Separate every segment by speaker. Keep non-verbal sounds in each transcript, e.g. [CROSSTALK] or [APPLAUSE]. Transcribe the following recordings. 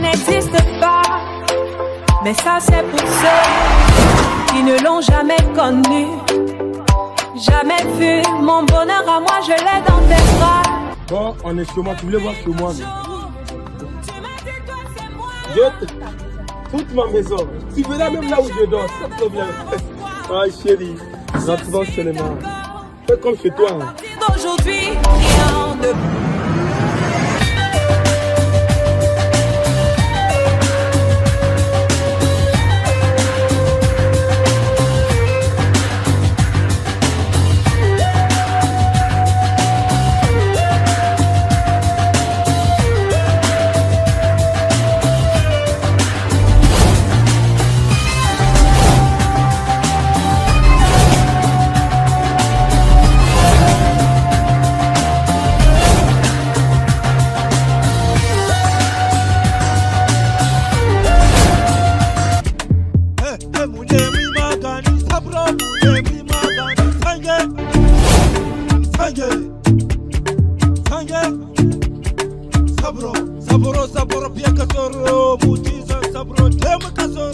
Speaker 1: n'existe pas. Mais ça, c'est pour ceux qui ne l'ont jamais connu. Jamais vu mon bonheur à moi, je l'ai dans tes bras. Bon, on est chez moi, tu voulais voir sur moi, mais. toute ma maison. Tu verras même là où je dors, sans problème. Ah [LAUGHS] chérie, rentre dans chez les Fais comme chez toi. Hein. D'aujourd'hui, rien de Sabro, Sabro, Sabro, Pia Casoro, Sabro, Tema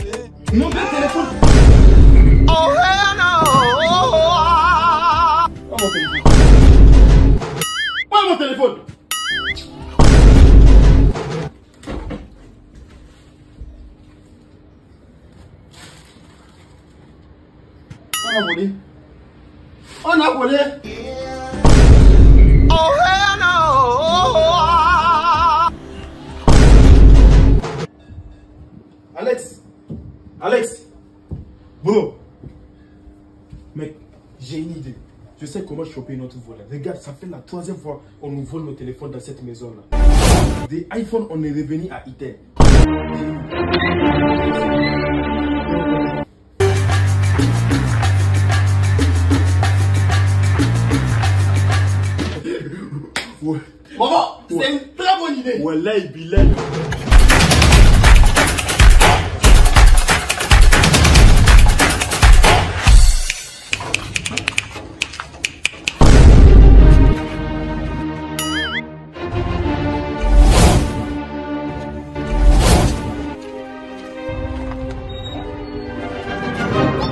Speaker 1: Mon de téléphone. Oh no! Pas mon téléphone. Pas mon téléphone. On a volé. On a volé. Oh Alex. Alex, bro, mec, j'ai une idée. Je sais comment choper notre volet Regarde, ça fait la troisième fois qu'on nous vole nos téléphones dans cette maison-là. Des iPhones, on est revenu à ITER. Maman, c'est une très bonne idée. Wallah, il Bilal.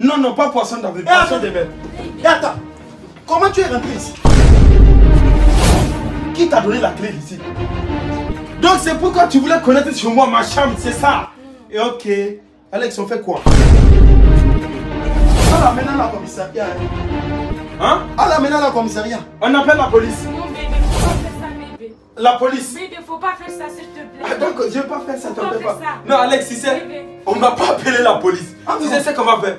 Speaker 1: Non, non, pas poisson d'avril, eh, poisson de mer. Eh, attends, comment tu es rentré ici Qui t'a donné la clé ici Donc c'est pourquoi tu voulais connaître sur moi ma chambre, c'est ça Et ok, Alex, on fait quoi On l'amène à la commissariat. Hein, hein? On l'amène à la commissariat. On appelle la police. Non, bébé, faut pas faire ça, bébé. La police. Bébé, faut pas faire ça, s'il te plaît. Ah, donc, je vais pas faire ça, t'en fais pas. pas. Non, Alex, tu sais, on va pas appeler la police. Ah, tu sais ce qu'on va faire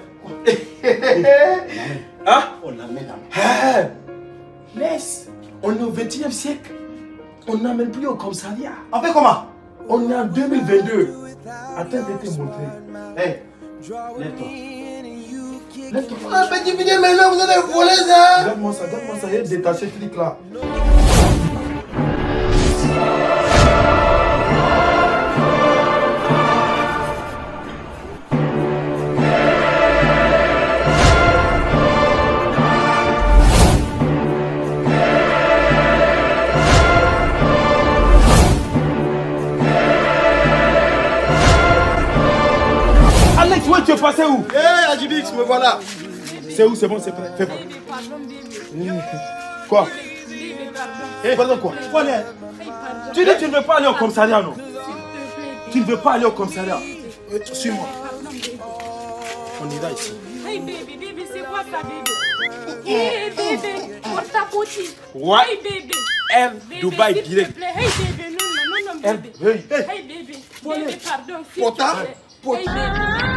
Speaker 1: hein? [LAUGHS] On l'amène hein? Mais On est au 21e siècle. On n'amène plus au commissariat. En fait comment On est en 2022. Attends de te montrer. Hé, hey, lève-toi. Lève-toi. petit maintenant, vous allez voler ça. Donne-moi ça, donne-moi ça. ce truc là. tu es passé où hey, eh, me voilà. C'est où C'est bon, c'est prêt. Fais pas. Quoi hey, eh, pardon quoi Tu dis que tu ne veux pas aller au commissariat, non Tu ne veux pas aller au commissariat. Eh, suis-moi. On ira ici. Hey baby, baby, c'est quoi ça, baby Hey baby, Hey baby. Dubaï direct. Hey baby, Hey, hey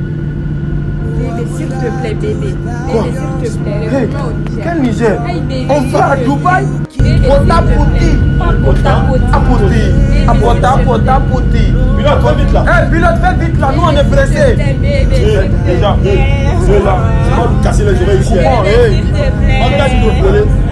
Speaker 1: S'il te plaît, bébé. S'il te plaît, Quel Niger On va à Dubaï apporté On apporté. On Pilote, fais vite là Eh, pilote, fais vite là, nous on est pressés casser les